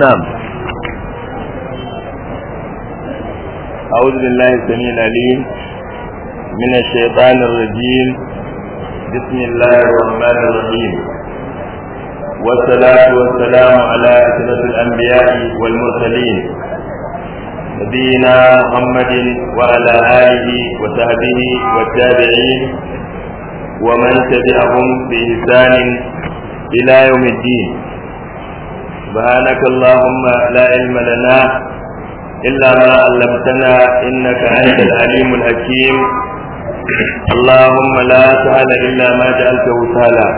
نعم أعوذ بالله السميع العليم من الشيطان الرجيم بسم الله الرحمن الرحيم والصلاة والسلام على أشرف الأنبياء والمرسلين نبينا محمد وعلى آله وصحبه والتابعين ومن تبعهم بإحسان إلى يوم الدين سبحانك اللهم لا علم لنا إلا ما علمتنا إنك أنت العليم الحكيم اللهم لا سهل إلا ما جعلته سهلا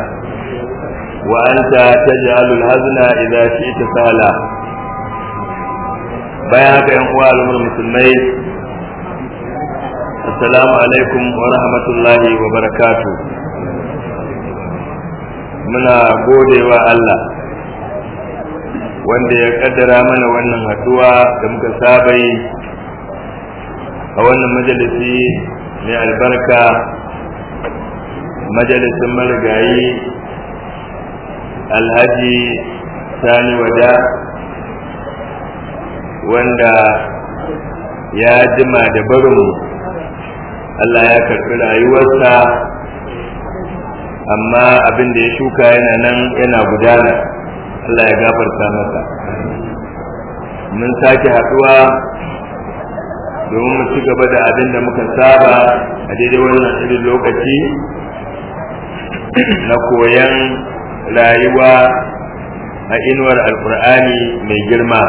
وأنت تجعل الهزن إذا شئت سهلا بياك يا أخوة المسلمين السلام عليكم ورحمة الله وبركاته muna godewa Allah wanda ya kaddara mana wannan haduwa da muka saba yi a wannan majalisi mai albarka majalisin marigayi alhaji sani wada wanda ya jima da barin Allah ya karɓi rayuwarsa amma abin da ya shuka yana nan yana gudana Allah ya gafarta masa mun sake haɗuwa domin mu ci gaba da abin da muka saba a daidai wannan irin lokaci na koyan rayuwa a inuwar alkur'ani mai girma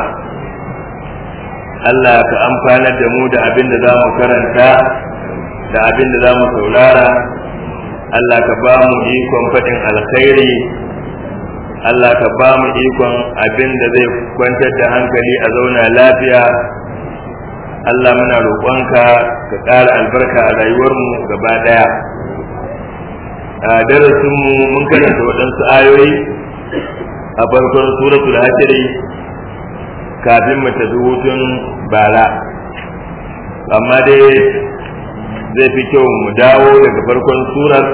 Allah ka amfanar da mu da abin da za mu karanta da abin da za mu saurara Allah ka ba mu ikon faɗin alkhairi Allah ka ba mu ikon abin da zai kwantar da hankali a zauna lafiya Allah muna roƙonka ka ƙara albarka a rayuwarmu gaba ɗaya a darasinmu mun karanta waɗansu ayoyi a farkon suratul hashiri kafin mu tafi hutun bara amma dai zai fi kyau mu dawo daga farkon surar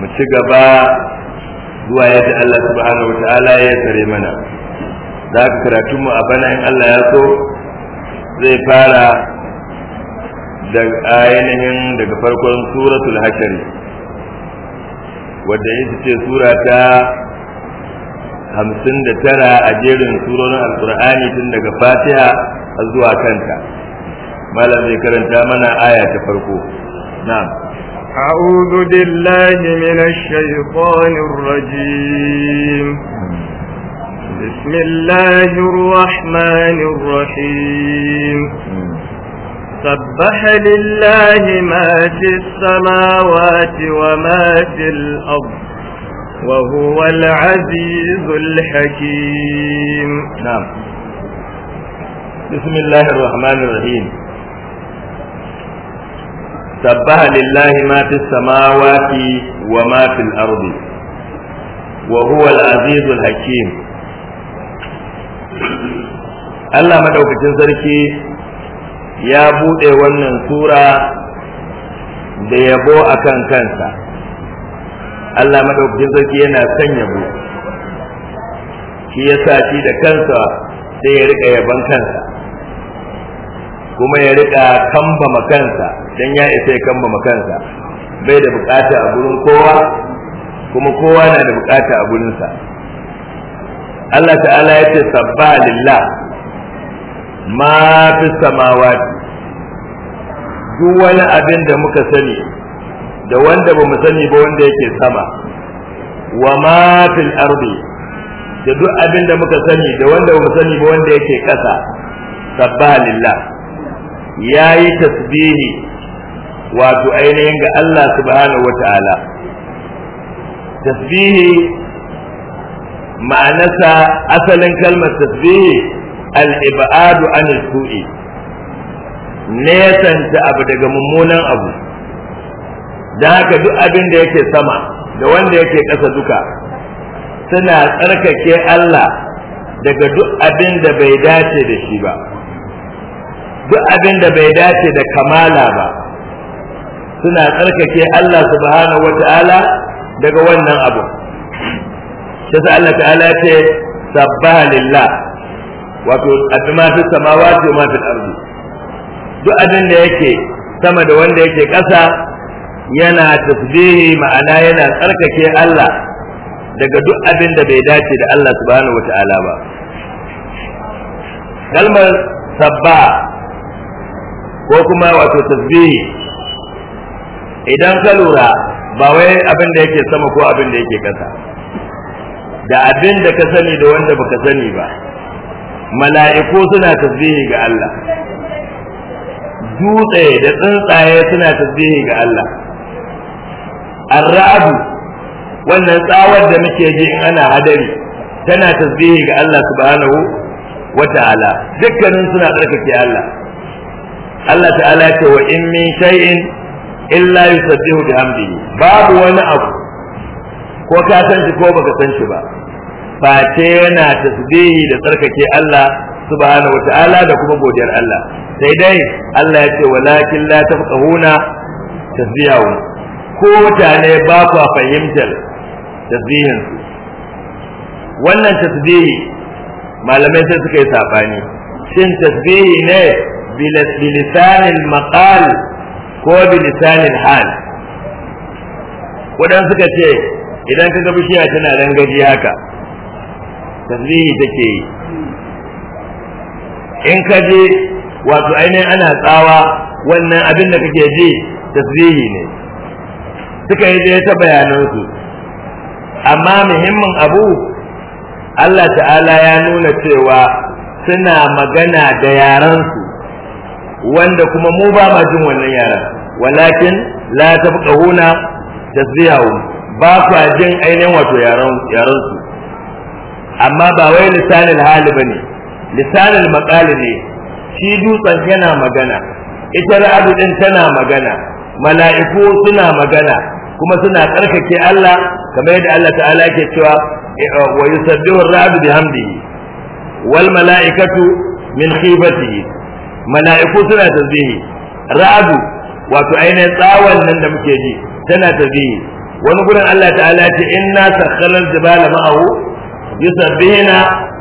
mu ci gaba zuwa yadda Allah subhanahu wa ta'ala ya tare mana za ka karatu mu a bana in Allah ya so zai fara da ainihin daga farkon suratul hashari wadda ita ce sura ta hamsin da tara a jerin suronin alkur'ani tun daga fatiha a zuwa kanta malam zai karanta mana aya ta farko na'am أعوذ بالله من الشيطان الرجيم بسم الله الرحمن الرحيم سبح لله ما في السماوات وما في الأرض وهو العزيز الحكيم نعم بسم الله الرحمن الرحيم سبح لله ما في السماوات وما في الأرض وهو العزيز الحكيم الله مدعوكتين سركي يا بودي ونن سورة بيبو أكن كنسا الله مدعوكتين سركي ينا سنيبو shi ya sa shi da kansa sai ya rika yaban kansa kuma ya rika kambama kansa dan ya isa ya kamba makansa bai da bukata a gurin kowa kuma kowa na da bukata a gurinsa Allah ta'ala ya ce sabba lillah ma fi samawati duk wani abin da muka sani da wanda ba mu sani ba wanda yake sama wa ma fil ardi da duk abin da muka sani da wanda ba mu sani ba wanda yake kasa sabba lillah yayi tasbihi wato ainihin ga Allah subhanahu wata'ala tasbihi ma'anasa asalin kalmar tasbihi al-ibadu an su'i nesanta abu daga mummunan abu da haka duk abin da yake sama da wanda yake ƙasa duka suna tsarkake Allah daga duk abin da bai dace da shi ba duk abin da bai dace da kamala ba suna tsarkake Allah subhanahu wata'ala daga wannan abu sa Allah ta'ala ce sabbaha lillah wato adama fi samawati wa ma fil ardi duk abin da yake sama da wanda yake ƙasa yana tasbihi ma'ana yana tsarkake Allah daga duk abin da bai dace da Allah subhanahu wata'ala ba kalmar sabba ko kuma wato tasbihi idan ka lura ba wai abin da yake sama ko abin da yake kasa da abin da ka sani da wanda baka sani ba mala'iku suna tasbihi ga Allah dutse da tsuntsaye suna tasbihi ga Allah arrabu wannan tsawar da muke ji in ana hadari tana tasbihi ga Allah subhanahu wata'ala ala. dukkanin suna tsarkake Allah Allah ta'ala ce wa in min shay'in illa yusabbihu bihamdihi babu wani abu ko ka san shi ko baka san shi ba face yana tasbihi da tsarkake Allah subhanahu wata'ala da kuma godiyar Allah sai dai Allah ya ce walakin la tafqahuna tasbihahu ko mutane ba ku fahimtar tasbihin wannan tasbihi malamai sai suka yi sabani shin tasbihi ne bilisanil maqal ko bi lisanin hal wadan suka ce idan ka ga bishiya tana dan gaji haka tasbihi take yi in ka je wato ainihin ana tsawa wannan abin da kake ji tasbihi ne suka yi dai ta bayanansu amma muhimmin abu Allah ta'ala ya nuna cewa suna magana da yaransu wanda kuma mu ba ma jin wannan yara walakin la tafqahuna tasbihahu ba ku jin ainihin wato yaran yaran su amma ba wai lisanin hali bane Lisanin makali ne shi dutsen yana magana ita ra'adu din tana magana mala'iku suna magana kuma suna tsarkake Allah kamar yadda Allah ta'ala ke cewa eh, eh, wa yusabbihu ar-ra'du bihamdihi wal mala'ikatu min khifatihi mala'iku suna tasbihi ra'adu wato ainihin tsawon nan da muke ji tana tasbihi wani gurin Allah ta'ala ce inna sakhkhara al-jibala ma'ahu yusabbihuna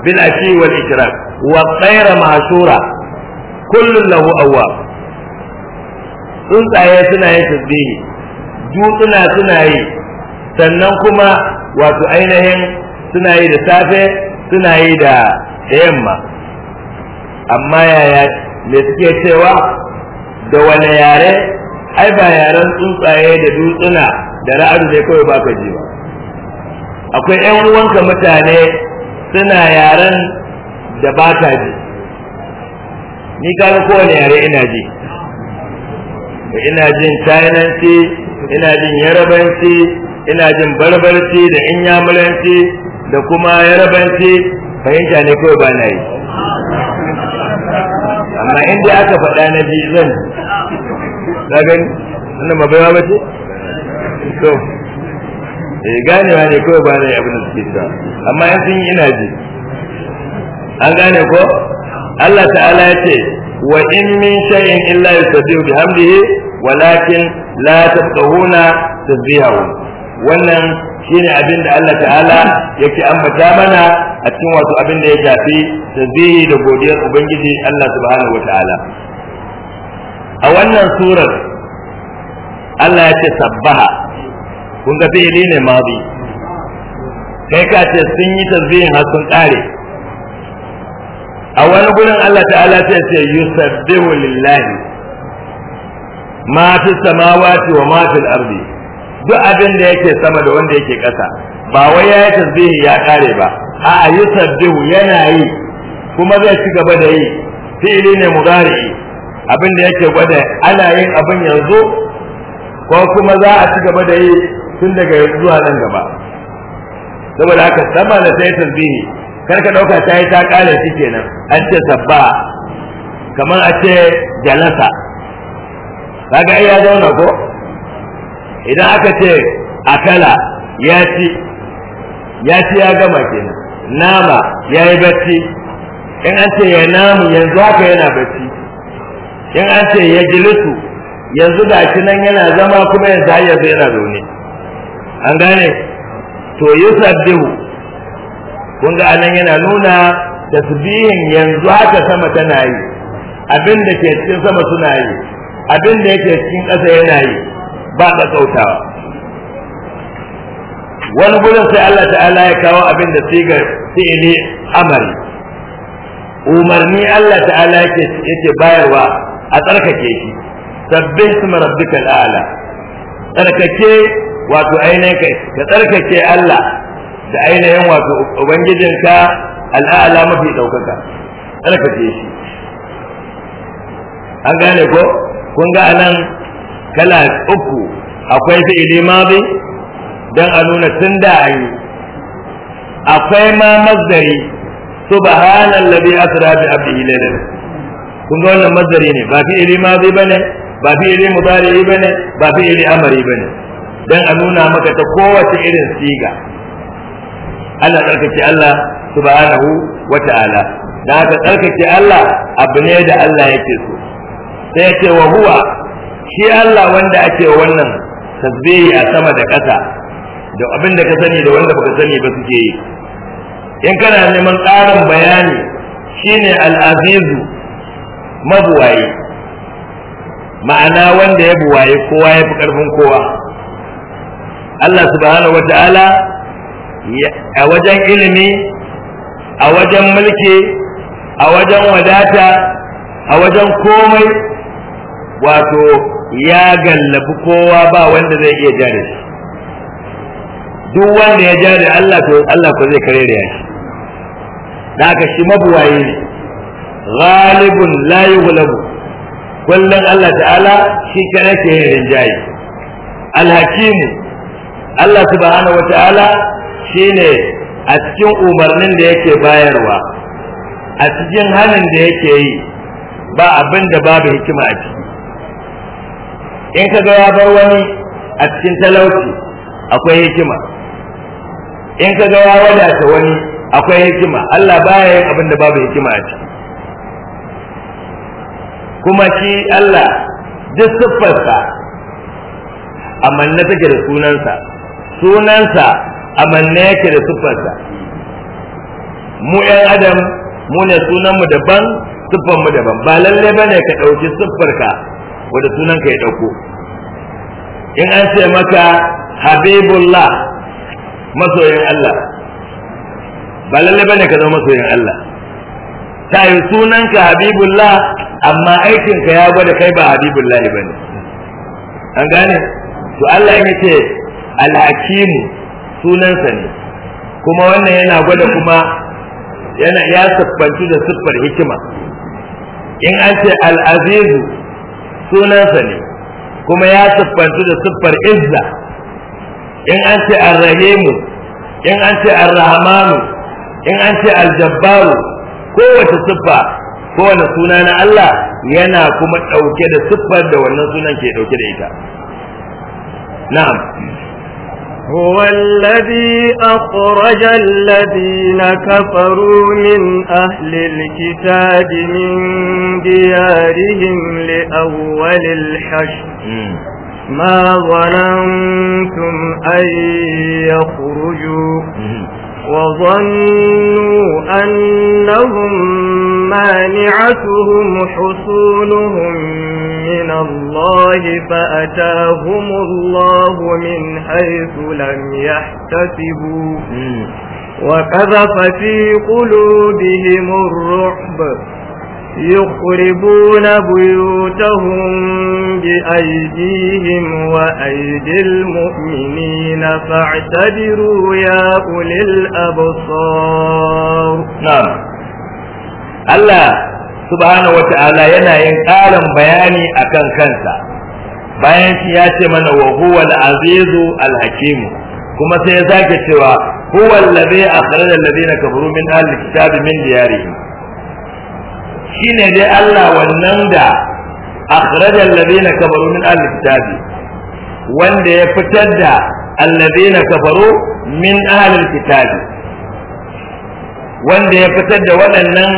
bil ashi wal ikram wa tsaira mashura kullun lahu awwab tsuntsaye suna yin tasbihi dutsuna suna yi sannan kuma wato ainihin suna yi da safe suna yi da yamma amma yaya me suke cewa da wani yare ai ba yaren tsuntsaye da dutsuna da ra'adu ne kawai ba ji akwai yan wanka mutane suna yaren da ba ka ji ni ko kowane yare ina ji ina jin chinanci ina jin yarabanci ina jin barbarci da inyamuranci da kuma yarabanci fahimta ne kawai ba na yi amma inda aka faɗa na ji zan na wannan ba baiwa ba ce to eh gane ne kawai ba zai abin da suke cewa amma in sun yi ina ji an gane ko Allah ta'ala ya ce wa in min shay'in illa yusabbihu bihamdihi walakin la tafqahuna tasbihahu wannan shine abin da Allah ta'ala yake ambata mana a cikin wato abin da ya shafi tasbihi da godiyar ubangiji Allah subhanahu wataala a wannan surar Allah ya ce sabbaha kun ga fi'ili ne madi kai ka ce sun yi tasbihin har sun kare a wani gurin Allah ta'ala sai ce yusabbihu lillahi ma fi samawati wa ma fil ardi duk abin da yake sama da wanda yake ƙasa ba wai ya yi tasbihi ya kare ba a yi sabbihu yana yi kuma zai ci gaba da yi fi'ili ne mudari abin da yake gwada ana yin abin yanzu ko kuma za a ci gaba da yi tun daga yanzu zuwa nan gaba saboda haka sama da sai tasbihi kar ka dauka ta yi ta kare shi kenan an ce sabba kamar a ce jalasa kaga ai ya zauna ko idan aka ce akala ya ci ya ci ya gama kenan nama ya yi bacci in an ce ya namu yanzu haka yana bacci in an ce ya jilisu yanzu da shi nan yana zama kuma yanzu har yanzu yana zaune an gane to yi yusabbihu kun ga anan yana nuna tasbihin yanzu haka sama tana yi abin da ke cikin sama suna yi abin da yake cikin ƙasa yana yi ba kautawa wani gudun sai Allah ta'ala ya kawo abin da sigar fi'ili amari umarni Allah ta'ala yake yake bayarwa a tsarkake shi sabbin su duka ala tsarkake wato ainihin kai ka tsarkake Allah da ainihin wato ubangijinka al'ala mafi ɗaukaka tsarkake shi an gane ko kun ga anan kala uku akwai fi'ili madi dan a nuna tun da ayi akwai ma mazdari subhanallazi asra bi abdihi laylan kun ga wannan mazdari ne ba fi'ili madi bane ba fi'ili mudari bane ba fi'ili amari bane dan a nuna maka ta kowace irin siga Allah tsarkake Allah subhanahu wata'ala ta'ala da haka tsarkake Allah abu ne da Allah yake so sai ya ce wa huwa shi Allah wanda ake wannan tasbihi a sama da ƙasa da abin da ka sani da wanda baka sani ba suke yi in kana neman ƙarin bayani shine al-azizu mabuwayi ma'ana wanda ya buwaye kowa ya fi ƙarfin kowa Allah subhanahu wata'ala a wajen ilimi a wajen mulki a wajen wadata a wajen komai wato ya gallabi kowa ba wanda zai iya jare duk wanda ya jare Allah to Allah ko zai kare da shi da aka shi mabuwaye ne ghalibun la yughlabu kullun Allah ta'ala shi kare ke rinjaye alhakim Allah subhanahu ta'ala shine a cikin umarnin da yake bayarwa a cikin hanin da yake yi ba abin da babu hikima a ciki in ka ga ya bar wani a cikin talauci akwai hikima in ka ga ya wadata wani akwai hikima Allah baya yin abin da babu hikima a ciki kuma shi Allah duk siffarsa amanna take da sunansa sunansa amanna yake da siffarsa mu ‘yan adam mu ne sunanmu daban siffarmu daban ba lalle ba ne ka ɗauki siffarka wanda sunanka ya dauko in an ce maka habibullah masoyin Allah ba lalle bane ka zama masoyin Allah ta yi sunanka habibullah amma aikinka ya gwada kai ba habibullah bane an gane to Allah ya ce al alhakimu sunansa ne kuma wannan yana gwada kuma yana ya sabbanci da siffar hikima in an ce Al-azizu. sunansa ne kuma ya siffantu da siffar izza in an ce arrahimu in an ce arrahmanu in an ce aljabbaru kowace siffa kowane suna na Allah yana kuma ɗauke da siffar da wannan sunan ke ɗauke da ita na'am هو الذي أخرج الذين كفروا من أهل الكتاب من ديارهم لأول الحشر ما ظننتم أن يخرجوا وظنوا أنهم مانعتهم حصولهم من الله فأتاهم الله من حيث لم يحتسبوا وقذف في قلوبهم الرعب يخربون بيوتهم بأيديهم وأيدي المؤمنين فاعتبروا يا أولي الأبصار نعم الله سبحانه وتعالى ينعين قال بياني أكن كنسا bayan shi ya ce mana wa huwa al-azizu al-hakim kuma sai ya sake cewa huwa allazi akhraja alladhina kafaru min ahli kitabi min diyarihim shine dai Allah wannan da akhrajal ladina kafaru min ahli kitab wanda ya fitar da alladina kafaru min ahli kitab wanda ya fitar da waɗannan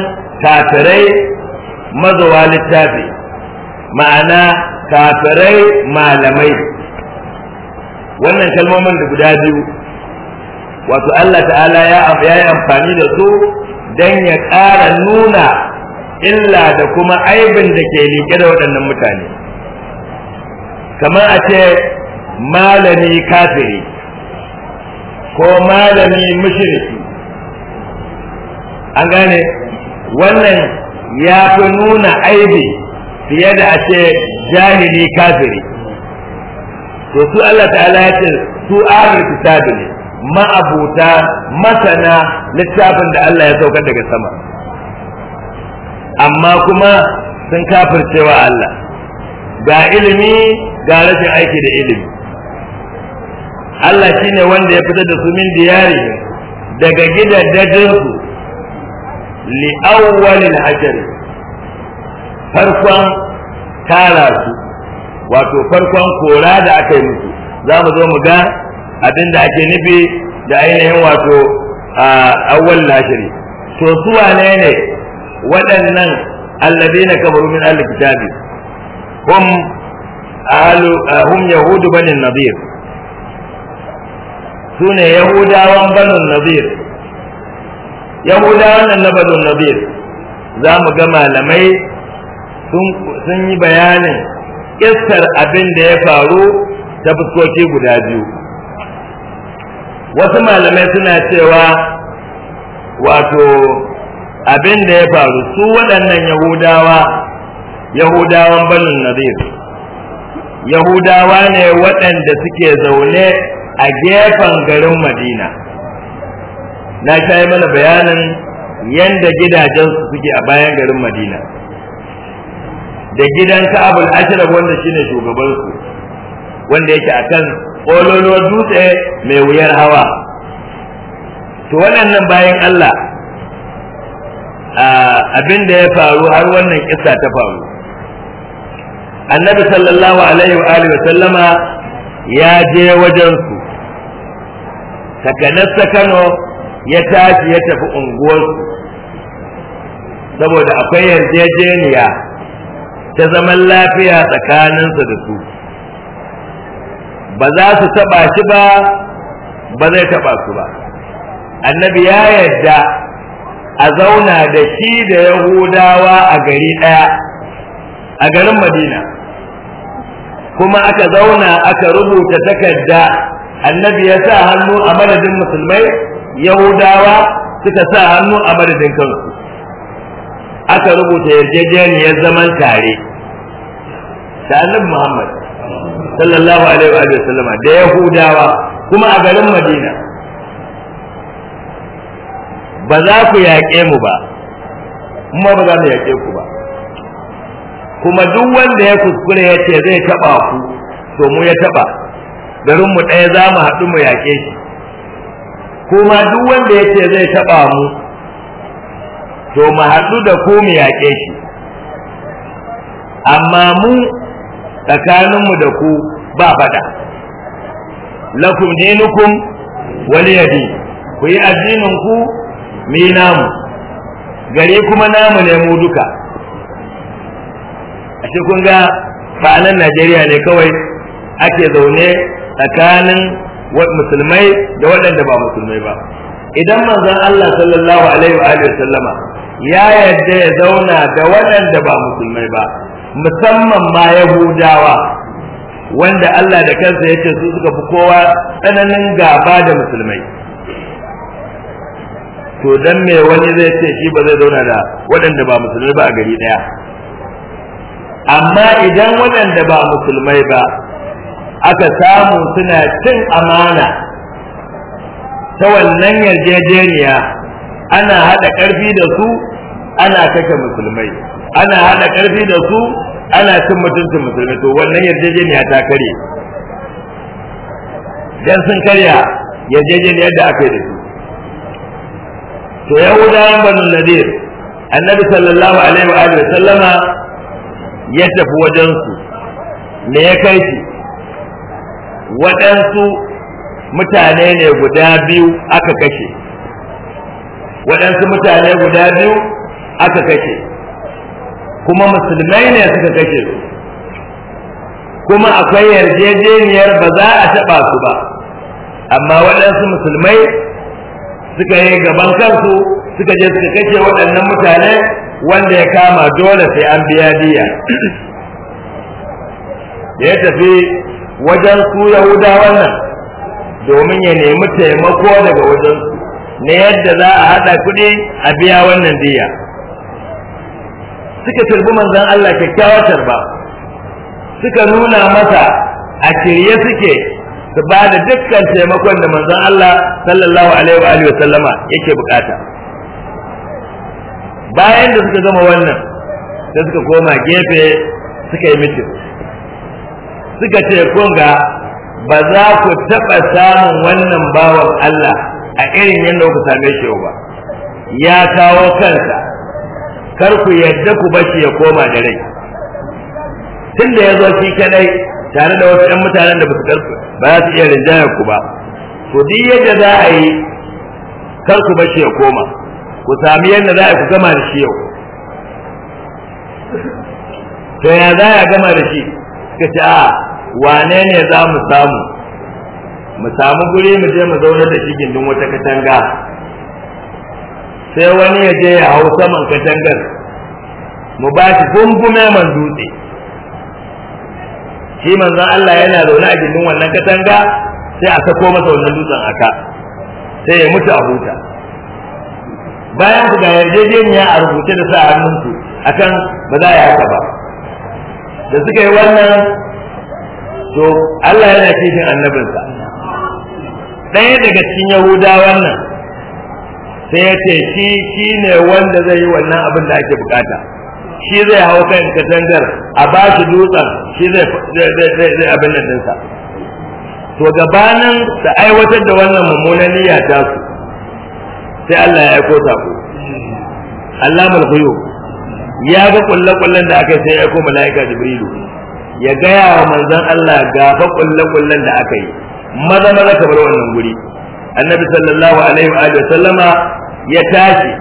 kafirai mazuwa littafi ma'ana kafirai malamai wannan kalmomin da guda biyu wato Allah ta'ala ya yi amfani da su don ya ƙara nuna illa da kuma aibin da ke liƙe da waɗannan mutane kamar a ce malami kafiri ko malami mushriki an gane wannan ya fi nuna aibi fiye da a ce jahili kafiri to su Allah ta'ala ya ce su ahli kitabi ne ma'abuta masana littafin da Allah ya saukar daga sama amma kuma sun kafircewa Allah ga ilimi ga rashin aiki da ilimi Allah shi ne wanda ya fitar da su min diyari daga gidan su li awwalil hajjari farkon tara su wato farkon kora da aka yi musu za mu zo mu ga abin da ake nufi da ainihin wato a awwal lashiri to suwa ne ne waɗannan na kafaru min ahli kitabi hum ahlu ah, hum yahudu banin nadir sune yahudawan banin nadir yahudawan nan na banin nadir za mu ga malamai sun yi bayanin kissar abin da ya faru ta fuskoki guda biyu wasu malamai suna cewa wato abin da ya faru su waɗannan yahudawa yahudawan banin nazir yahudawa ne waɗanda suke zaune a gefen garin madina na sha mana bayanin yadda gidajensu suke a bayan garin madina da gidan ka'abul ashirar wanda shine shugabansu wanda yake akan ƙololo dutse mai wuyar hawa to waɗannan bayan Allah abin da ya faru har wannan kissa ta faru annabi sallallahu alaihi wa alihi sallama ya je wajen su takanasta Kano ya tashi ya tafi unguwarsu saboda akwai yarjejeniya ta zaman lafiya tsakaninsa da su ba za su taba shi ba ba zai taba su ba annabi ya yarda a zauna da shi da yahudawa a gari ɗaya a garin madina kuma aka zauna aka rubuta takarda annabi ya sa hannu a madadin musulmai yahudawa suka sa hannu a madadin kansu aka rubuta yarjejeniyar zaman tare da annabi muhammad sallallahu alaihi wa sallama da yahudawa kuma a garin madina ba za ku yaƙe mu ba kuma ba za mu yaƙe ku ba kuma duk wanda ya kuskure ya ce zai taɓa ku to mu ya taɓa garin mu ɗaya za mu haɗu mu yaƙe shi kuma duk wanda ya ce zai taɓa mu to mu haɗu da ku mu yaƙe shi amma mu tsakaninmu da ku ba faɗa lakum dinukum waliyadi ku yi addinin ku mi namu gari kuma namu ne mu duka a kun ga fa'anan najeriya ne kawai ake zaune tsakanin musulmai da waɗanda ba musulmai ba idan manzon Allah sallallahu alaihi wa alihi sallama ya yadda ya zauna da waɗanda ba musulmai ba musamman ma yahudawa wanda Allah da kansa ya ce su suka fi kowa tsananin gaba da musulmai to dan me wani zai ce shi ba zai zauna da waɗanda ba musulmai ba a gari ɗaya amma idan waɗanda ba musulmai ba aka samu suna cin amana ta wannan yarjejeniya ana haɗa ƙarfi da su ana kashe musulmai ana haɗa ƙarfi da su ana cin mutuncin musulmai to wannan yarjejeniya ta kare dan sun karya yarjejeniyar da aka yi da su to yahudawan banu nadir annabi sallallahu alaihi wa alihi sallama ya tafi wajen su me ya kai shi waɗansu mutane ne guda biyu aka kashe waɗansu mutane guda biyu aka kashe kuma musulmai ne suka kashe su kuma akwai yarjejeniyar ba za a taɓa su ba amma waɗansu musulmai suka yi gaban kansu suka je suka kace waɗannan mutane wanda ya kama dole sai an biya diya da ya tafi wajen su yahuda wannan domin ya nemi taimako daga wajen su na yadda za a haɗa kuɗi a biya wannan diya suka turbi manzon Allah kyakkyawar tarba suka nuna masa a shirye suke da ba da dukkan taimakon da manzon Allah sallallahu alaihi wa alihi sallama yake bukata bayan da suka gama wannan sai suka koma gefe suka yi mitin suka ce kun ga ba za ku taɓa samun wannan bawan Allah a irin yadda ku same shi ba ya kawo kansa kar ku yadda ku bashi ya koma da rai tun da ya zo shi kadai tare da wasu 'yan mutanen da ba su ba za su iya rinjaya ku ba to duk yadda za a yi kar ku bashi ya koma ku sami yadda za a ku gama da shi yau to ya za a gama da shi ka ce a wane ne za mu samu mu samu guri mu je mu zauna da shi gindin wata katanga sai wani ya je ya hau saman katangar mu ba shi gungume man dutse shi manzon Allah yana zaune a gindin wannan katanga sai a sako masa wannan dutsen aka sai ya mutu a huta bayan ku ga yarjejeniya a rubuce da sa hannunku akan ba za a yi haka ba da suka yi wannan to Allah yana kishin annabinsa ɗaya daga cikin yahuda wannan, sai ya ce shi shi ne wanda zai yi wannan abin da ake bukata shi zai hau kan katangar a ba dutsen shi zai zai abin da dinsa to gabanin da aiwatar da wannan mummunan niyya ta su sai Allah ya aiko sako Allahul ghuyub ya ga kullakullan da aka yi sai ya aiko malaika Jibrilu ya gaya wa manzon Allah ga fa kullakullan da aka yi maza maza kamar wannan guri annabi sallallahu alaihi wa sallama ya tashi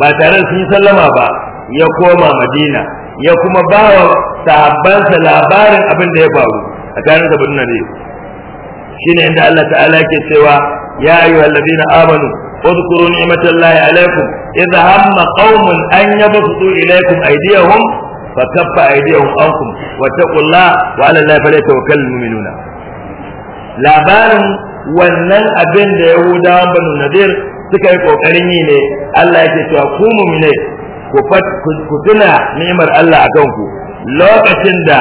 ba tare da sun sallama ba ya koma Madina ya kuma ba wa sahabbansa labarin abin da ya faru a kayan sabbin Shi ne inda Allah ta'ala ke cewa ya ayyuhal ladina amanu اذكروا نعمة الله عليكم إذ هم قوم أن يبسطوا إليكم أيديهم فكف أيديهم عنكم واتقوا الله وعلى الله فليتوكل المؤمنون labarin wannan abin da yahudawan banu nadir suka yi kokarin yi ne Allah yake ku tuna ni'imar Allah a kanku lokacin da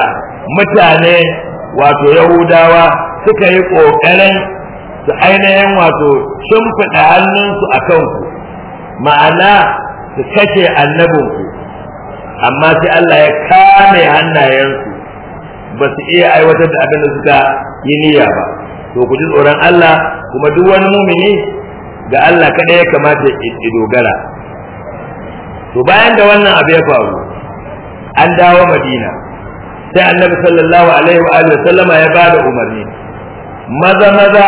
mutane wato yahudawa suka yi ƙoƙarin su ainihin wato shimfiɗa hannunsu a kanku ma'ana su kashe annabinku amma sai Allah ya kame hannayensu ba su iya aiwatar da abin da suka yi niyya ba to ku ji tsoron Allah kuma duk wani mumini ga Allah kaɗai ya kamata ya dogara to bayan da wannan abu ya faru an dawo madina sai annabi sallallahu alaihi wa alihi sallama ya ba da umarni maza maza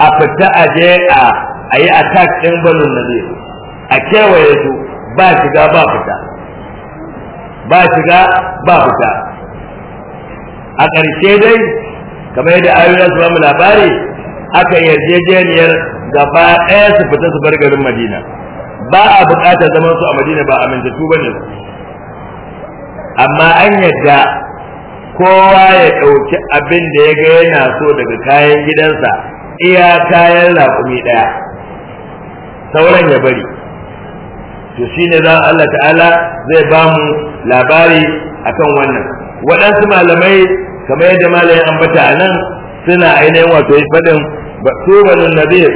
a fita a je a a yi attack din banu nadir a kewaye su ba shiga ba fita ba shiga ba fita a ƙarshe dai kamar yadda ayoyin su labari aka yarjejeniyar gaba ɗaya su fita su bar garin madina ba a bukatar zaman su a madina ba amintattu ba ne amma an yadda kowa ya ɗauki abin da ya ga yana so daga kayan gidansa iya kayan raƙumi ɗaya sauran ya bari to shine za Allah ta'ala zai ba mu labari akan wannan waɗansu malamai kamar yadda malayin ambata a nan suna ainihin wato faɗin su nadir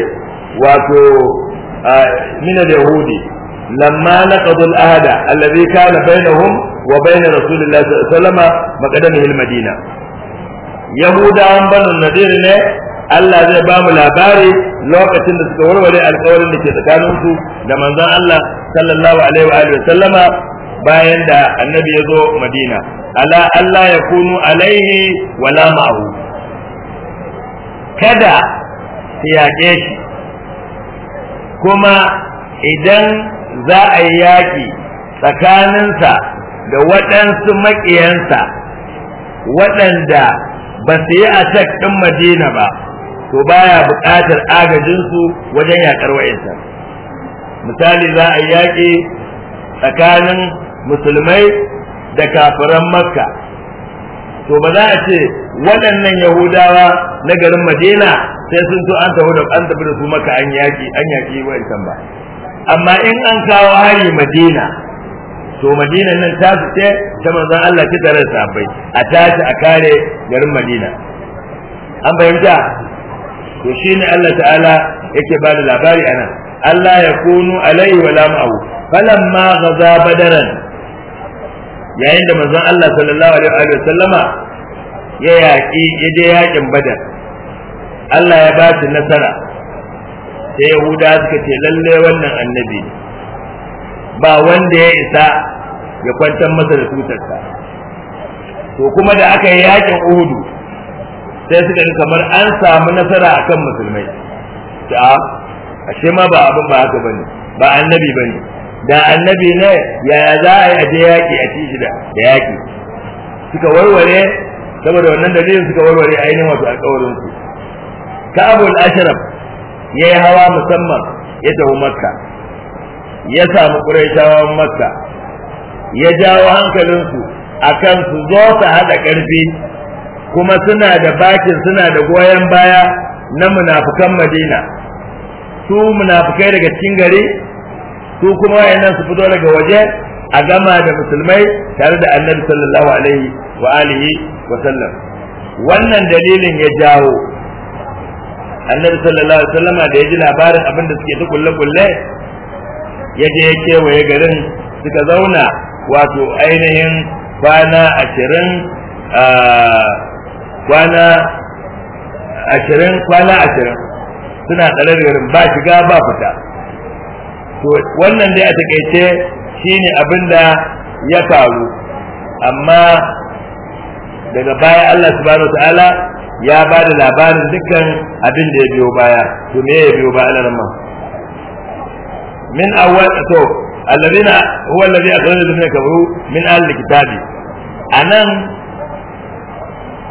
wato min al-yahudi lamma naqadu al-ahda alladhi kana bainahum wa bain rasulillahi sallallahu alaihi wasallam maqadamihi al-madina yahudawan bana nadir ne Allah zai bamu labari lokacin da suka warware alƙawarin da ke tsakaninsu da manzon Allah sallallahu alaihi wa alihi sallama bayan da annabi ya zo Madina ala Allah ya kunu alaihi wala ma'ahu kada su yaƙe shi kuma idan za a yi yaƙi tsakaninsa da waɗansu maƙiyansa waɗanda ba su yi a ɗin madina ba to baya buƙatar agajinsu wajen yaƙar wa'insa misali za a yi yaƙi tsakanin musulmai da kafiran makka to ba za a ce waɗannan yahudawa na garin madina sai sun so an tafi da an tafi da su maka an yaƙi an yaƙi wa'ancan ba amma in an kawo hari madina to madina nan ta fice ta manzon Allah ta tare sahabbai a tashi a kare garin madina an bayyana to shine Allah ta'ala yake ba da labari anan Allah ya kunu alaihi wa lam lama'u falamma ghaza badaran yayin da manzon Allah sallallahu alaihi wa sallama ya yaƙi ya je yaƙin badar Allah ya ba su nasara sai yahuda suka ce lalle wannan annabi ba wanda ya isa ya kwantar masa da tutarsa to kuma da aka yi yaƙin uhudu sai suka ji kamar an samu nasara akan musulmai a ashe ma ba abin ba haka bane ba annabi bane da annabi ne ya za a yi aje yaƙi a ci shida da yaƙi suka warware saboda wannan dalilin suka warware ainihin wasu alƙawarin su ka'abul ashraf yayi hawa musamman ya tafi makka ya samu quraishawa makka ya jawo hankalinsu akan su zo su haɗa ƙarfi kuma suna da bakin suna da goyon baya na munafukan madina su munafukai daga cikin gari su kuma wayannan su fito daga waje a gama da musulmai tare da annabi sallallahu alaihi wa alihi wa sallam wannan dalilin ya jawo annabi sallallahu alaihi wa sallama da ya ji labarin abin da suke ta kulle-kulle ya je ya kewaye garin suka zauna wato ainihin kwana ashirin kwana ashirin kwana ashirin suna tsare da garin ba shiga ba fita to wannan dai a takaice shine abin da ya faru amma daga baya Allah subhanahu ta'ala ya ba da labarin dukkan abin da ya biyo baya to me ya biyo baya nan ma min awwal to alladhina huwa alladhi akhrajal min kabru min ahli kitabi anan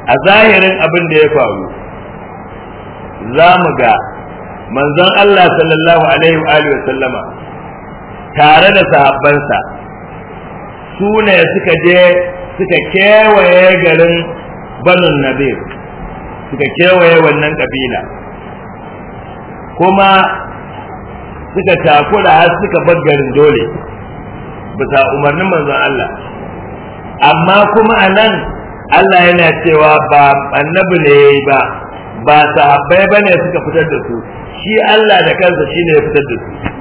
a zahirin abin da ya faru za mu ga manzon Allah sallallahu alaihi wa alihi wa sallama tare da sahabbansa su ne suka je suka kewaye garin banun nabir suka kewaye wannan kabila kuma suka takura har suka bar garin dole bisa umarnin manzon Allah amma kuma a nan Allah yana cewa ba annabi ne yi ba ba sahabbai bane suka fitar da su shi Allah da kansa shine ya fitar da su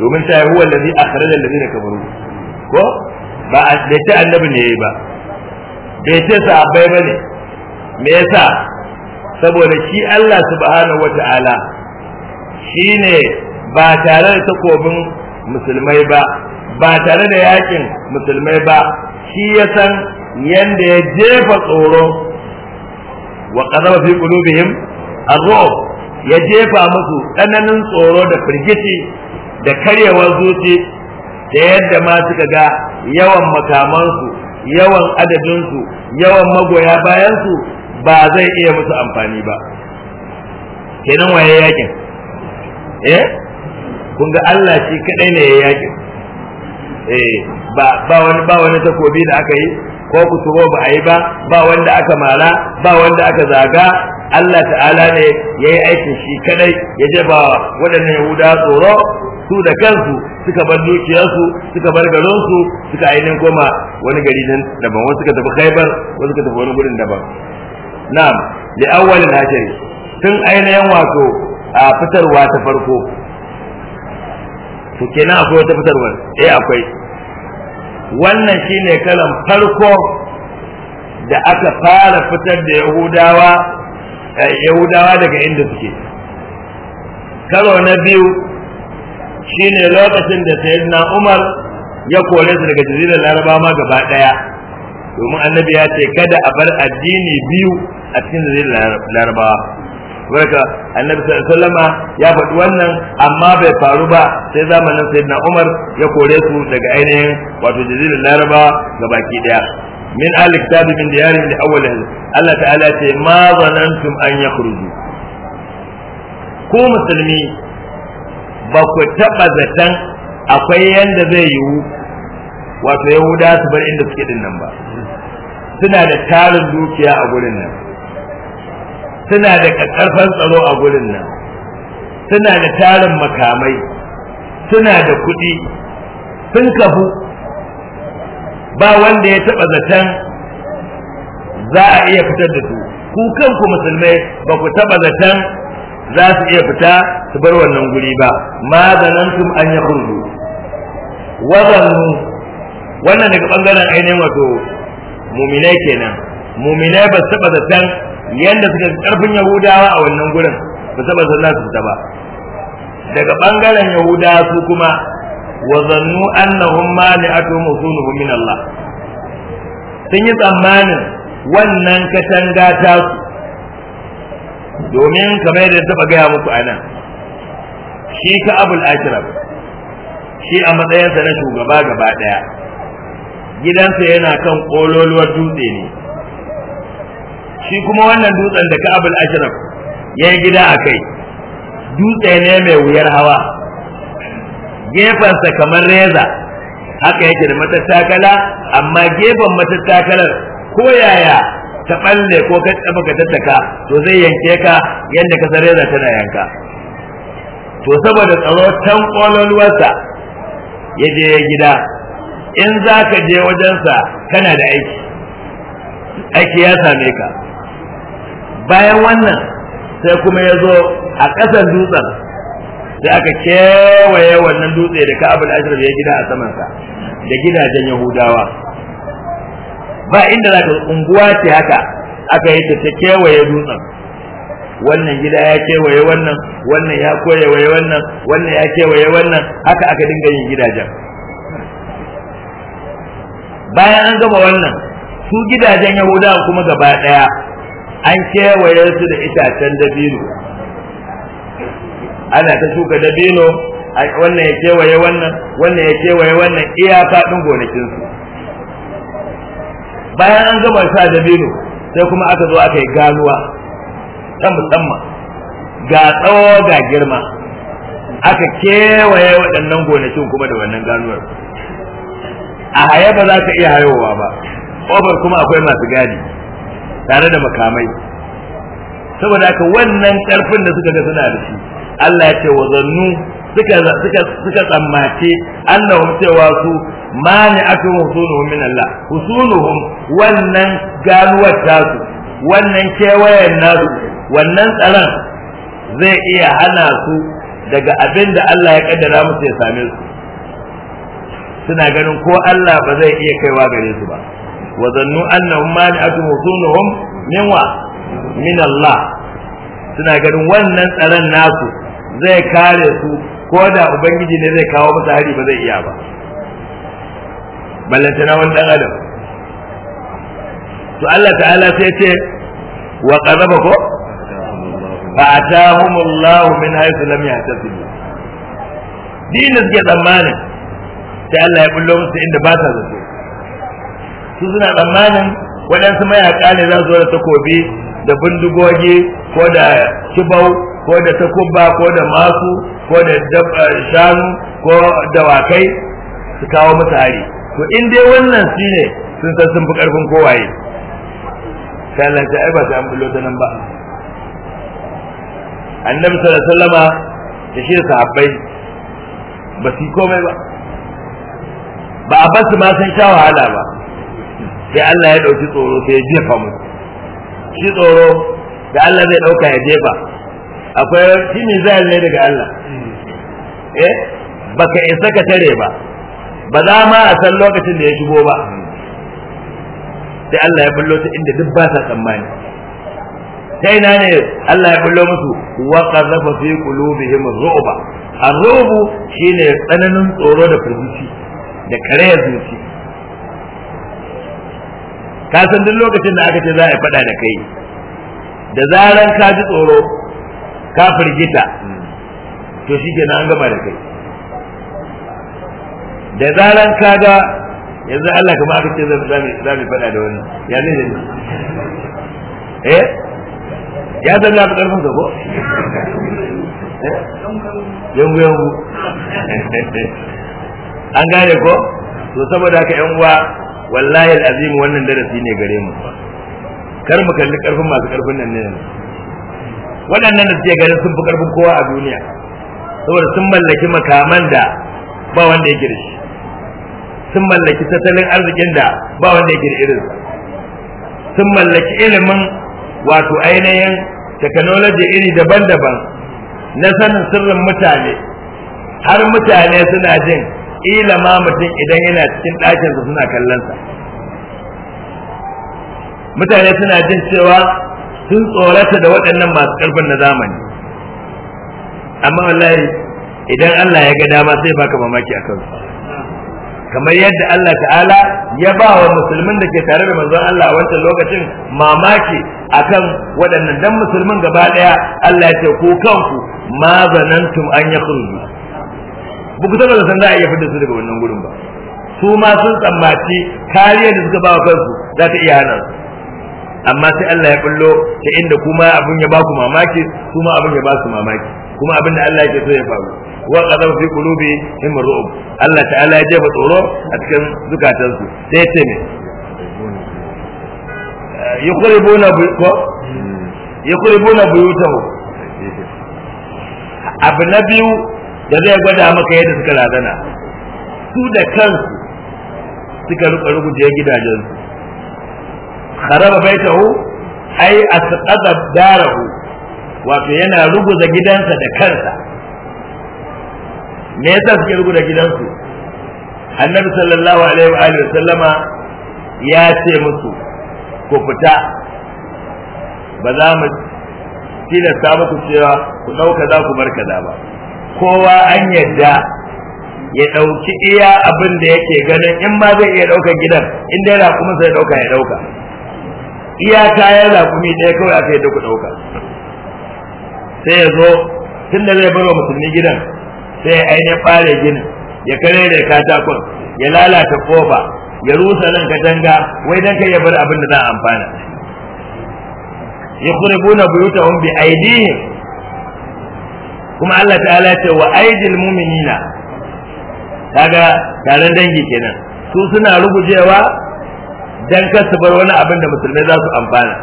domin ta huwa allazi da allazina kafaru ko ba a da ta annabi ne ba bai ce ba bane me yasa saboda shi Allah subhanahu wata'ala ne ba tare da takobin musulmai ba ba tare da yakin musulmai ba shi ya san yanda ya jefa tsoro wa qadara fi qulubihim zo ya jefa musu tsananin tsoro da firgici da karyewar zuci da yadda ma suka ga yawan makamansu yawan adadinsu yawan magoya bayansu ba zai iya musu amfani ba kenan waye yakin eh kun ga Allah shi kadai ne ya yakin eh ba ba wani ba wani takobi da aka yi ko kuturo ba a yi ba ba wanda aka mala ba wanda aka zaga Allah ta'ala ne ya yi aikin shi kadai ya jaba waɗannan yahuda tsoro su da kansu suka bar dukiyarsu suka bar garinsu suka ainihin koma wani gari nan daban wasu suka tafi khaibar wasu suka tafi wani gurin daban na'am li awwalin hashari tun ainihin wato a fitarwa ta farko to kenan akwai wata fitarwar eh akwai wannan shine kalan farko da aka fara fitar da yahudawa eh, yahudawa daga inda suke karo na biyu shine lokacin da sayyidina Umar ya kore su daga jirgin Laraba ma gaba daya domin annabi ya ce kada a bar addini biyu a cikin jirgin Laraba barka annabi ya faɗi wannan amma bai faru ba sai zamanin sayyidina Umar ya kore su daga ainihin wato jazirar Laraba gabaki daya min al-kitab min diyarihim da awwalihim Allah ta'ala ce ma zanantum an yakhruju ku musulmi ba ku taɓa zaton akwai yanda zai yiwu wato yahuda su bar inda suke din nan ba suna da tarin dukiya a gurin nan suna da ƙarfan tsaro a gurin nan suna da tarin makamai suna da kuɗi sun kafu ba wanda ya taɓa zaton za a iya fitar da su ku kanku musulmai ba ku taɓa zaton za su iya fita su bar wannan guri ba ma zanantum an ya kurdu wazannu wannan daga bangaren ainihin wato muminai kenan muminai ba su taba zaton yadda suka karfin yahudawa a wannan gurin ba taba zaton su fita ba daga bangaren yahudawa su kuma wazannu annahum mani'atuhum usunuhum min Allah sun yi tsammanin wannan katanga ta su domin kamar yadda taba gaya muku a nan shi ka abul ashraf shi a matsayinsa na shugaba gaba daya gidansa yana kan kololuwar dutse ne shi kuma wannan dutsen da ka abul ashraf ya yi gida a kai dutse ne mai wuyar hawa gefensa kamar reza haka yake da matattakala amma gefen matattakalar ko yaya ta balle ko ka taba ka tattaka to zai yanke ka yadda ka sare za tana yanka to saboda tsaro tan kololuwarsa ya je ya gida in za ka je wajensa kana da aiki aiki ya same ka bayan wannan sai kuma ya zo a ƙasan dutsen sai aka kewaye wannan dutse da ka'abul ashraf ya gida a samansa da gidajen yahudawa ba inda za ka unguwa ce haka aka yi ta kewaye dutsen wannan gida ya kewaye wannan wannan ya koyewaye wannan wannan ya kewaye wannan haka aka dinga yin gidajen bayan an gama wannan su gidajen yahudawa kuma gaba daya an kewaye su da itacen dabino ana ta shuka dabino wannan ya kewaye wannan wannan ya kewaye wannan iya faɗin gonakinsu bayan an gama sa da dabino sai kuma aka zo aka yi ganuwa ta musamman ga tsawo ga girma aka kewaye waɗannan gonakin kuma da wannan ganuwar a haye ba za ka iya hayowa ba ƙofar kuma akwai masu gadi tare da makamai saboda haka wannan ƙarfin da suka ga suna da shi Allah ya ce wa zannu suka suka suka tsammace annahum cewa su mani atu husunuhum min Allah husunuhum wannan ganuwar tasu wannan kewayen nasu wannan tsaron zai iya hana su daga abin da Allah ya kaddara musu ya same su suna ganin ko Allah ba zai iya kaiwa gare su ba wa zannu annahum mani atu husunuhum min wa min Allah suna ganin wannan tsaron nasu zai kare su ko da ubangiji ne zai kawo masa hari ba zai iya ba ballanta na wani dan adam to Allah ta'ala sai ce wa qaraba ko fa atahumullahu min haythu lam yahtasibu din da suke tsammanin sai Allah ya bullo musu inda ba ta zato su suna tsammanin waɗansu mayaƙa ne za su zo da takobi da bindigogi ko da kibau ko da takuba ko da masu ko da shanu ko dawakai su kawo musu hari to in dai wannan shi ne sun san sun fi karfin kowaye sai ta ai ba ta ambulo ta nan ba annabi sallallahu alaihi wasallama da shi sahabbai ba su komai ba ba a basu ma sun sha wahala ba sai Allah ya dauki tsoro sai ya jefa mu shi tsoro da Allah zai dauka ya jefa akwai shi ne zai ne daga Allah eh baka isa ka tare ba ba za ma a san lokacin da ya shigo ba sai Allah ya bullo ta inda duk ba sa tsammani sai na ne Allah ya bullo musu wa qadhafa fi qulubihim ar-ru'ba ar-ru'bu shine tsananin tsoro da firgici da karaya zuci ka san duk lokacin da aka ce za a faɗa da kai da zaran ka ji tsoro ka firgita to shi ke an gama da kai da zaran ka ga yanzu Allah kuma aka ce za mu faɗa da wannan ya ne ne eh ya zan na fi ka ko eh? yangu yangu an gane ko to saboda haka yan uwa wallahi alazim wannan darasi ne gare mu kar mu kalli karfin masu karfin nan ne waɗannan da suke ganin sun fi karfin kowa a duniya saboda sun mallaki makaman da ba wanda ya da shi sun mallaki tattalin arzikin da ba wanda ya da irin sun mallaki ilimin wato ainihin teknoloji iri daban-daban na sanin sirrin mutane har mutane suna jin ila ma mutum idan yana cikin ɗakinsa suna kallonsa mutane suna jin cewa sun tsorata da waɗannan masu ƙarfin na zamani amma wallahi idan Allah ya ga dama sai baka mamaki a kansu kamar yadda Allah ta'ala ya ba wa musulmin da ke tare da manzon Allah a wancan lokacin mamaki akan waɗannan dan musulmin gaba ɗaya Allah ya ce ku kanku ma zanantum an yakhruju ba ku taɓa zaton za a iya fidda su daga wannan gurin ba su ma sun tsammaci kariyar da suka ba wa kansu za ta iya hana su amma sai Allah ya bullo ta inda kuma abun ya ba ku mamaki kuma abun ya ba su mamaki kuma abin da Allah yake so ya faru wa qadam fi qulubi him ru'ub Allah ta'ala ya jefa tsoro a cikin zukatansu sai ce me yukhribuna buyuta yukhribuna buyutahu abu na biyu da zai gwada maka yadda suka razana su da kansu suka rufe ruguje gidajensu kharaba baitahu ai asqada darahu wato yana ruguza gidansa da kansa me yasa suke ruguza gidansu annabi sallallahu alaihi wa alihi sallama ya ce musu ku fita ba za mu ta muku cewa ku ɗauka za ku bar kaza ba kowa an yadda ya ɗauki iya abin da yake ganin in ma zai iya daukar gidan in dai kuma sai ɗauka ya ɗauka iya kayan kuma ɗaya kawai aka yadda ku ɗauka sai ya zo tun da zai barwa musulmi gidan sai ya ainihin ɓare ginin ya kare da katakon ya lalata kofa ya rusa nan katanga wai dan kai ya bar abin da za a amfana buyuta buyutahum bi aidihim kuma Allah ta'ala ce wa aidil mu'minina kaga taron dangi kenan su suna rugujewa dan kasu bar wani abin da musulmai za su amfana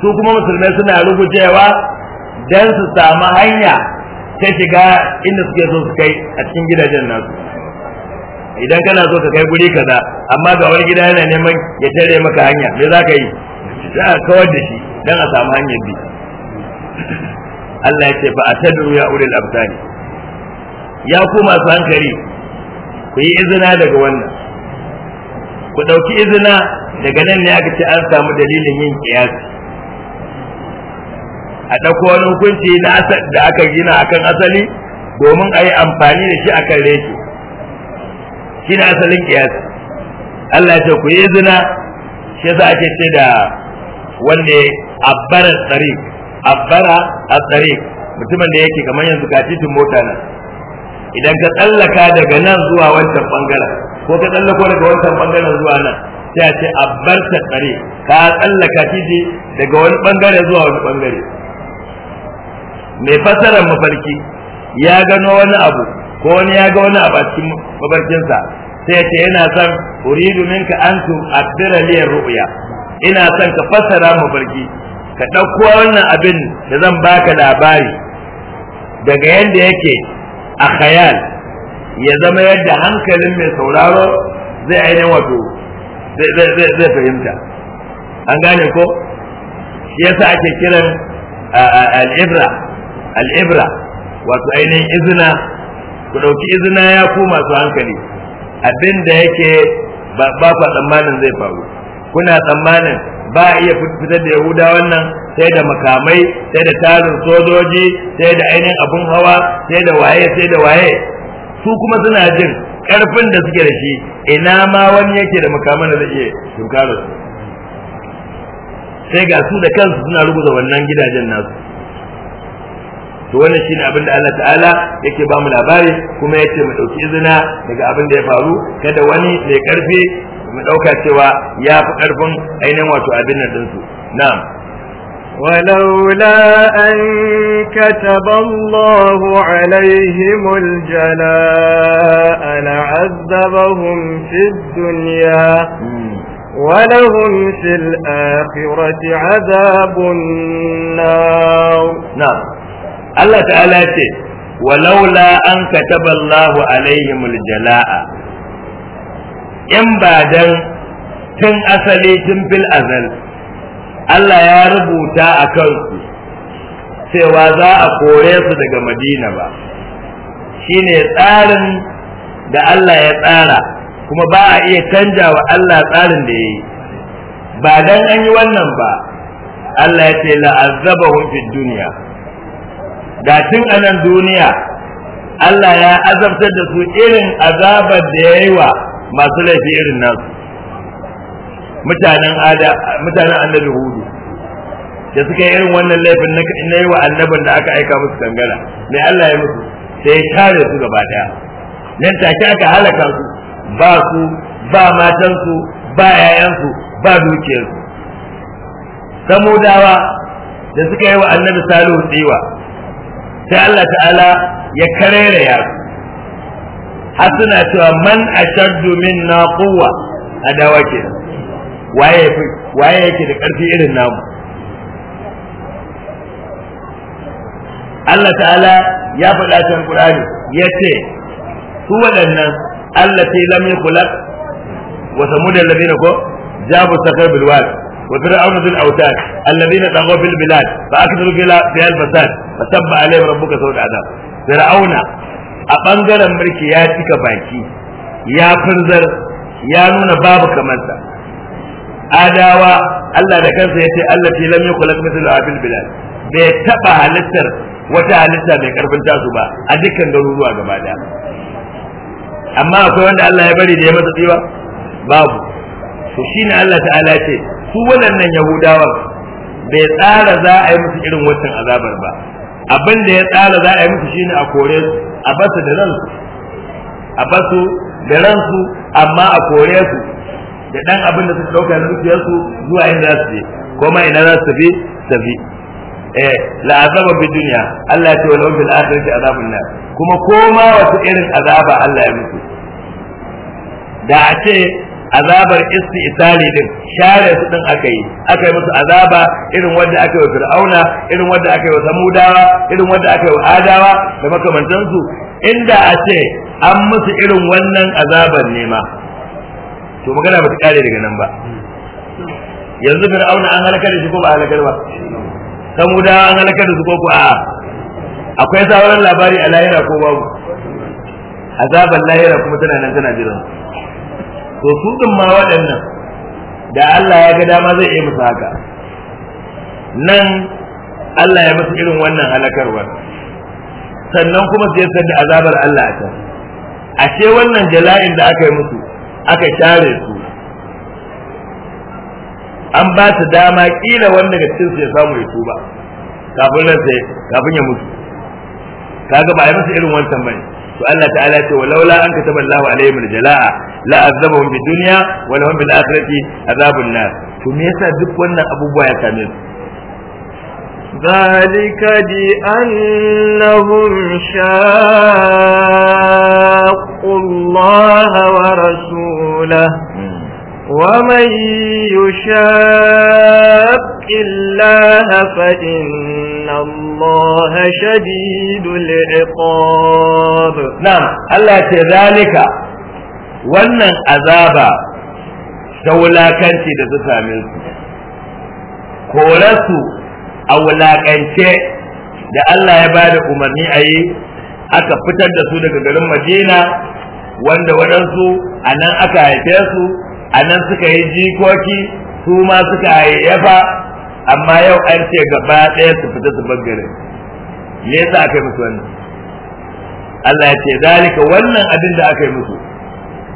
su kuma musulmai suna rugujewa dan su samu hanya ta shiga inda suke so su kai a cikin gidajen nasu idan kana so ka kai guri kaza amma ga wani gida yana neman ya tare maka hanya me za ka yi za a kawar da shi dan a samu hanyar bi Allah ya ce fa atadu ya ulil absani ya ku masu hankali ku yi izina daga wannan ku ɗauki izina daga nan ne aka ce an samu dalilin yin kiyasi a ɗauko wani hukunci na da aka gina akan asali domin a yi amfani da shi a kan reshe shi na asalin kiyasi Allah ce ku yi zina shi za a ce da wanda abbara tsari abbara a tsari mutumin da yake kamar yanzu ka titin mota nan idan ka tsallaka daga nan zuwa wancan bangaren ko ka tsallako daga wancan bangaren zuwa nan sai a ce abbar tsare ka tsallaka titi daga wani bangare zuwa wani bangare mai fasarar mafarki ya gano wani abu ko wani ya ga wani abu a cikin mafarkinsa sai ya ce yana son uridu minka an tu akbira liyar ru'ya ina son ka fasara mafarki ka ɗauko wannan abin da zan baka labari daga yadda yake a khayal ya zama yadda hankalin mai sauraro zai ainihin wato zai fahimta an gane ko shi yasa ake kiran al'ibra al'ibra wato ainihin izina ku ɗauki izina ya ku masu hankali abin da yake ba ku tsammanin zai faru kuna tsammanin ba a iya fitar da yahuda wannan sai da makamai sai da tarin sojoji sai da ainihin abun hawa sai da waye sai da waye su kuma suna jin karfin da suke da shi ina ma wani yake da makaman da zai iya sai ga su da kansu suna rubuta wannan gidajen nasu to wannan shine abin da Allah ta'ala yake ba mu labari kuma yake mu dauki izina daga abin da ya faru kada wani mai karfi mu dauka cewa ya fi karfin ainihin wato abin nan dinsu na'am ولولا أن كتب الله عليهم الجلاء لعذبهم في الدنيا ولهم في الآخرة عذاب النار نعم Allah ta'ala ce walaula an kataba Allahu alaihimul jala'a in ba dan tun asali tun fil azal Allah ya rubuta a kansu cewa za a kore su daga Madina ba shine tsarin da Allah ya tsara kuma ba a iya canja wa Allah tsarin da ya yi ba dan an yi wannan ba Allah ya ce la'azzabahum fid duniya da tun a nan duniya Allah ya azabtar da su irin azabar da ya yi wa masu laifi irin nasu mutanen mutanen annabi hudu da suka yi irin wannan laifin na yi wa annabin da aka aika musu kangara mai Allah ya musu sai ya tare su gaba daya nan take aka halaka su ba su ba matansu ba yayansu ba dukiyarsu samudawa da suka yi wa annabi salihu tsiwa sai Allah ta'ala ya karere ya hasuna cewa man ashaddu minna quwwa adawa ke waye waye yake da karfi irin namu Allah ta'ala ya faɗa cikin Qur'ani yace su waɗannan allati lam yakulak wa samud alladhina ko jabu sakar bilwal وفرعون ذي الاوتاد الذين طغوا في البلاد فاكثروا فيها الفساد فتب عليهم ربك سوء العذاب فرعون a bangaren mulki ya cika baki ya furzar ya nuna babu kamarsa adawa Allah da kansa ya ce Allah ce lam yakul mithlu abil bilad bai taba halittar wata halitta mai karfin tasu ba a dukkan garuruwa gaba amma akwai wanda Allah ya bari da ya masa tsiwa babu to shine Allah ta'ala ce su waɗannan yahudawan bai tsara za a yi musu irin wancan azabar ba abin da ya tsara za a yi musu shine a kore su a basu da ransu a basu da ransu amma a kore su da dan abin da suka dauka na su zuwa inda za su je kuma ina za su tafi tafi eh la azaba bi dunya Allah ya ce walau bil akhirati azabun nar kuma koma wasu irin azaba Allah ya musu da a ce azabar istisali din share su din akai akai musu azaba irin wanda aka yi wa fir'auna irin wanda aka yi wa samudawa irin wanda aka yi wa adawa da makamantansu inda a ce an musu irin wannan azabar ne ma to magana ba ta kare daga nan ba yanzu fir'auna an halaka da shi ko ba halakar ba samudawa an halaka da su ko ko a akwai sauran labari a lahira ko babu azabar lahira kuma tana nan tana jiran to su din ma waɗannan da Allah ya ga dama zai iya musu haka nan Allah ya musu irin wannan halakarwar sannan kuma su yasar da azabar Allah a can ashe wannan jala'in da aka yi musu aka share su an ba su dama kila wanda ga cikinsu su ya samu ya tuba kafin kafin ya mutu kaga ba a yi musu irin wancan bane to Allah ta'ala ce wa laula an kataba Allahu alaihim aljalaa la azabahum bid dunya wa lahum bil akhirati azabun nar to me yasa duk wannan abubuwa ya same su ذلك بأنهم شاقوا الله ورسوله ومن يشاق الله فإن إن الله شديد العقاب نعم الله كذلك wannan azaba ta wulakanci da su same su korarsu a wulaƙance da Allah ya ba da umarni a yi aka fitar da su daga garin madina wanda waɗansu a nan aka haife su a nan suka yi jikoki su ma suka hayyafa amma yau an ce gaba ɗaya su fita su bangare me yasa aka yi musu wannan Allah ya ce zalika wannan abin da aka yi musu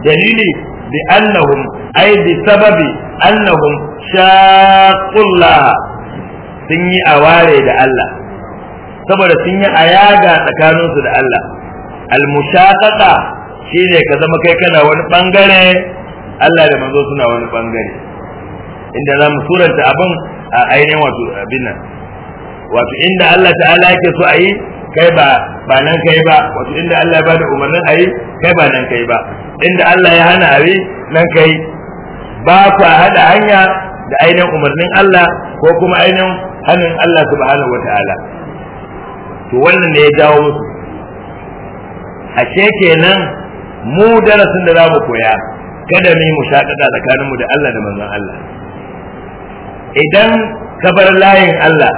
dalili bi annahum ay bi sababi annahum shaqullah sun yi aware da Allah saboda sun yi ayaga tsakaninsu da Allah al shi shine ka zama kai kana wani bangare Allah da manzo suna wani bangare inda zamu mu suranta abin a ainihin wato abin nan wato inda Allah ta'ala yake so a yi kai ba ba nan kai ba wato inda Allah ya bada umarnin a yi kai ba nan kai ba inda Allah ya hana a yi nan kai ba ku hada hanya da ainihin umarnin Allah ko kuma ainihin hannun Allah subhanahu wata'ala to wannan ne ya jawo musu a ce kenan mu darasin da za mu koya kada mu yi tsakanin tsakaninmu da Allah da manzon Allah idan ka bar layin Allah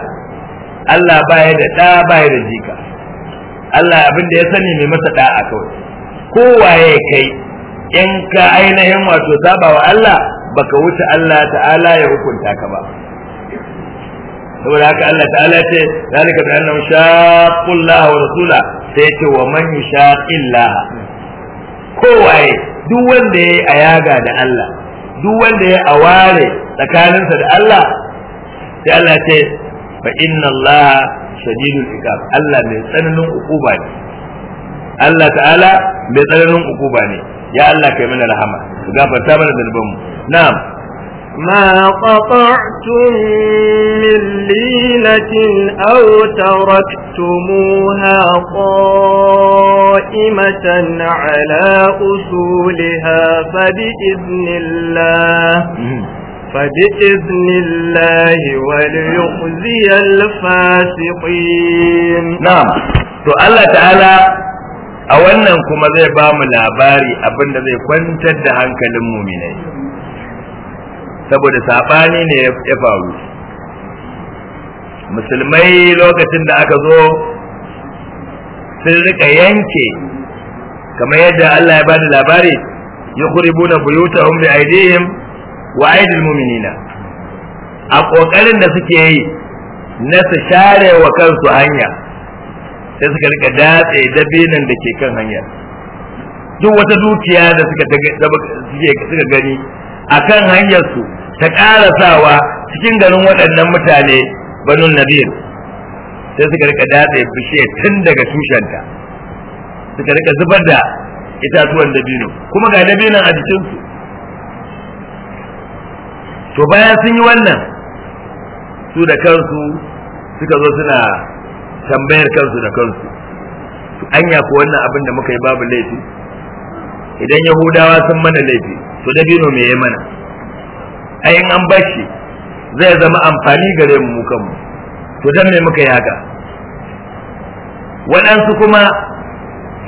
Allah baya da ɗa baya da jika Allah abin da ya sani mai masa ɗa kawai kowaye kai in ka ainihin wato saba wa Allah baka wuce Allah ta'ala ya hukunta ka ba saboda haka Allah ta'ala ce zalika bi annahum shaqqu wa rasula sai ya ce wa man yushaqi kowaye duk wanda ya ayaga da Allah duk wanda ya aware tsakaninsa da Allah sai Allah ce fa inna Allah shadidul iqab Allah mai tsananin ukuba ne Allah ta'ala mai tsananin ukuba ne ya Allah kai mana rahama ka gafarta mana zanubanmu na'am ما قطعتم من لينة أو تركتموها قائمة على أصولها فبإذن الله فبإذن الله وليخزي الفاسقين نعم to Allah ta'ala a wannan kuma zai ba mu labari da zai kwantar da hankalin muminai saboda sabani ne ya faru musulmai lokacin da aka zo sun rika yanke kamar yadda Allah ya ba da labari yukhribuna buyutahum bi aidihim wa aidil mu'minina a kokarin da suke yi na su share wa kansu hanya sai suka rika datse dabinan da ke kan hanya duk wata dukiya da suka gani a kan hanyarsu ta karasawa cikin garin waɗannan mutane banun nabir sai suka rika datse bishiya tun daga tushenta suka rika zubar da itatuwan dabino kuma ga dabinan a jikinsu to bayan sun yi wannan su da kansu suka zo suna tambayar kansu da kansu to anya ko wannan abin da muka yi babu laifi idan yahudawa sun mana laifi to dabino me ya mana ayin an bashi zai zama amfani gare mu mu kanmu to dan me muka yi haka waɗansu kuma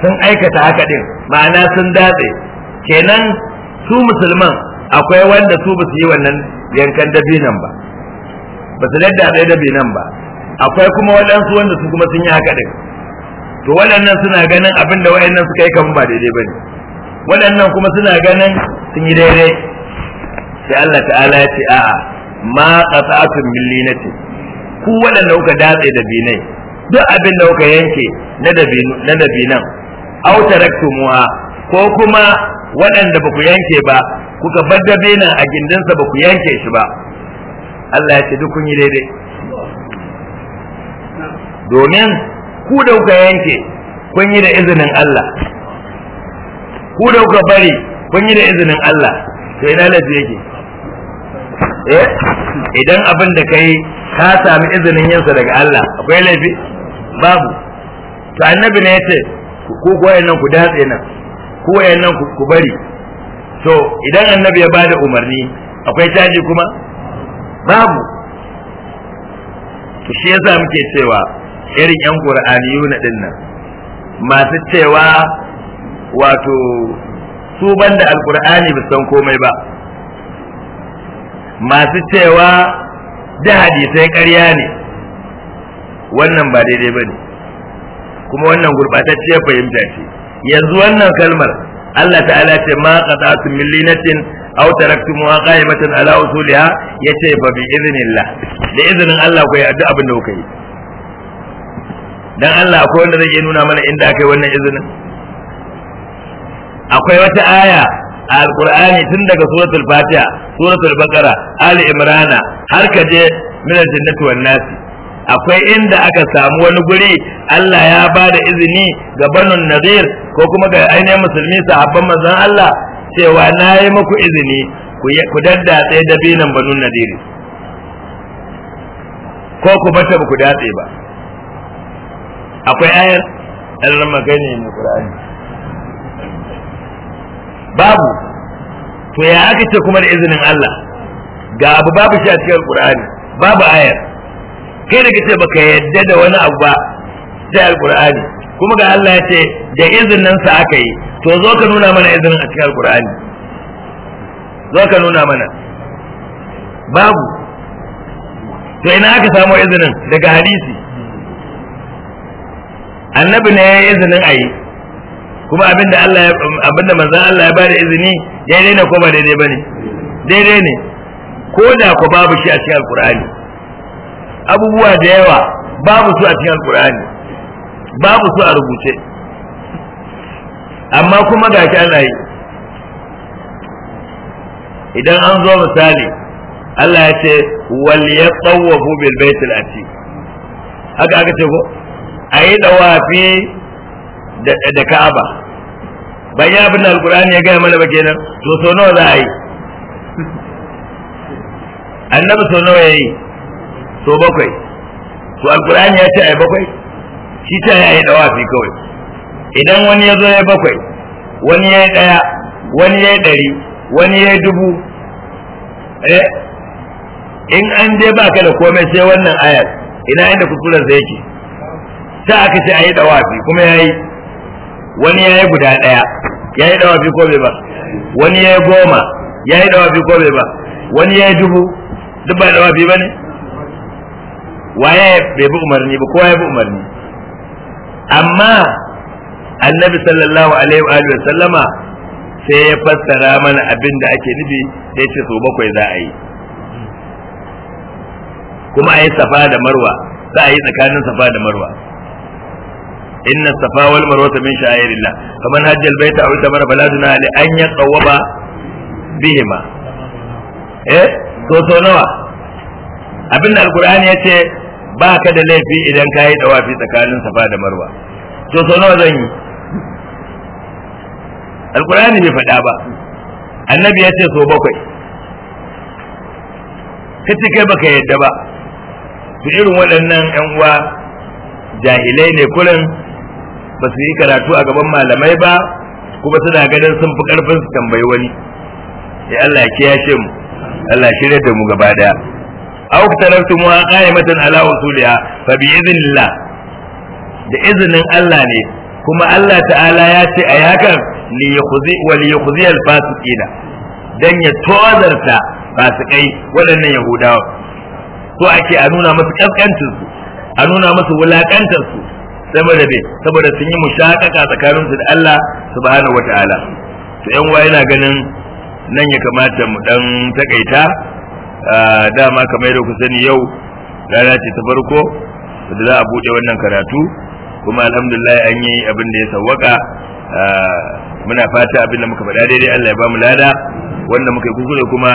sun aikata haka din ma'ana sun datse kenan su musulman akwai wanda su ba su yi wannan yankan dabinan ba ba su ladda dabi nan ba akwai kuma waɗansu wanda su kuma sun yi haka ɗin to waɗannan suna ganin abin da waɗannan suka yi kamar ba daidai ba ne waɗannan kuma suna ganin sun yi daidai sai Allah ta'ala ya ce a'a ma qata'atun millinati ku waɗanda kuka datse da binai duk abin da kuka yanke na dabinu na dabinan aw taraktumuha ko kuma waɗanda ba ku yanke ba kuka bar nan a gindinsa ba ku yanke shi ba Allah ya ce duk kun yi daidai domin ku da kuka yanke kun yi da izinin Allah ku da kuka bari kun yi da izinin Allah to ina lafi yake eh idan abin da kai ka sami izinin yinsa daga Allah akwai laifi babu to annabi ne yace ku ko nan ku datse nan ku wayannan ku bari to idan annabi ya ba da umarni akwai caji kuma babu to shi yasa muke cewa irin yan qur'aniyuna dinnan masu cewa wato su banda alqur'ani ba san komai ba masu cewa da hadisai ƙarya ne wannan ba daidai ba ne kuma wannan gurɓatacciyar fahimta ce yanzu wannan kalmar Allah ta'ala ce ma qada'tu min linatin aw taraktumuha qa'imatan ala usuliha yace fa bi idnillah da izinin Allah ku yi addu abin da kuka yi dan Allah akwai wanda zai nuna mana inda akai wannan izinin akwai wata aya a alqur'ani tun daga suratul fatiha suratul baqara ali imrana har ka je min al-jannati wan nasi akwai inda aka samu wani guri Allah ya ba da izini ga banun nazir ko kuma ga ainihin musulmi sahabban manzon Allah cewa na yi muku izini ku daddatse binan banun naziri ko ku bata ba ku datse ba akwai ayar ɗan magani mai ƙur'ani babu to ya aka ce kuma da izinin Allah ga abu babu shi a cikin ƙur'ani babu ayar kai da kace baka yadda da wani abu ba sai alqur'ani kuma ga Allah ya ce da izinin sa aka yi to zo ka nuna mana izinin a cikin alqur'ani zo ka nuna mana babu to ina aka samu izinin daga hadisi annabi ne ya yi izinin a yi kuma abinda Allah ya abinda manzon Allah ya bada izini daidai ne ko ba daidai bane daidai ne ko da ko babu shi a cikin alqur'ani abubuwa da yawa babu su a cikin alkur'ani babu su a rubuce amma kuma ga shi ana yi idan an zo misali Allah ya ce wal yatawafu bil baitil atiq haka aka ce ko ayi dawafi da da Ka'aba bayan abin da alkur'ani ya gaya mana ba kenan to so nawa za a yi annabi so nawa yayi so bakwai to alkur'ani ya ce ai bakwai shi ta ya yi dawafi kawai idan wani ya zo ya bakwai wani ya yi ɗaya wani ya yi ɗari wani ya yi dubu eh in an je baka da komai sai wannan ayar ina inda kuskuren zai yake ta aka ce a yi dawafi kuma ya yi wani ya yi guda ɗaya ya yi dawafi ko bai ba wani ya yi goma ya yi dawafi ko bai ba wani ya yi dubu duk ba dawafi ba ne waye bai bi umarni ba kowa ya bi umarni amma annabi sallallahu alaihi wa sallama sai ya fassara mana abin da ake nufi da ce so bakwai za a yi kuma a yi safa da marwa za a yi tsakanin safa da marwa inna safa wal marwa min sha'irillah faman hajja al baita aw tamara baladuna li an yatawaba bihima eh so so nawa abin da alqur'ani yace ba ka da laifi idan ka yi dawafi tsakanin safa da marwa to so nawa zan yi alkurani bai faɗa ba annabi ya ce so bakwai ka ci kai baka yadda ba su irin waɗannan yan uwa jahilai ne kuran ba su yi karatu a gaban malamai ba kuma suna ganin sun fi karfin su tambayi wani ya Allah ya kiyashe mu Allah shirya da mu gaba daya aw tarabtumuha qa'imatan ala usuliha fa bi idhnillah da izinin Allah ne kuma Allah ta'ala ya ce a hakan li yukhzi wa li yukhzi al fasiqina dan ya tozarta fasikai waɗannan yahudawa to ake a nuna musu kaskancin su a nuna musu wulakantar su saboda bai saboda sun yi mushakaka tsakanin su da Allah subhanahu wataala to yan yana ganin nan ya kamata mu dan takaita dama kamar da ku sani yau rana ce ta farko da za a buɗe wannan karatu kuma alhamdulillah an yi abin da ya sawwaka muna fata abin da muka faɗa daidai Allah ya bamu lada wanda muka yi kuskure kuma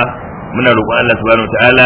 muna roƙon Allah subhanahu wa ta'ala.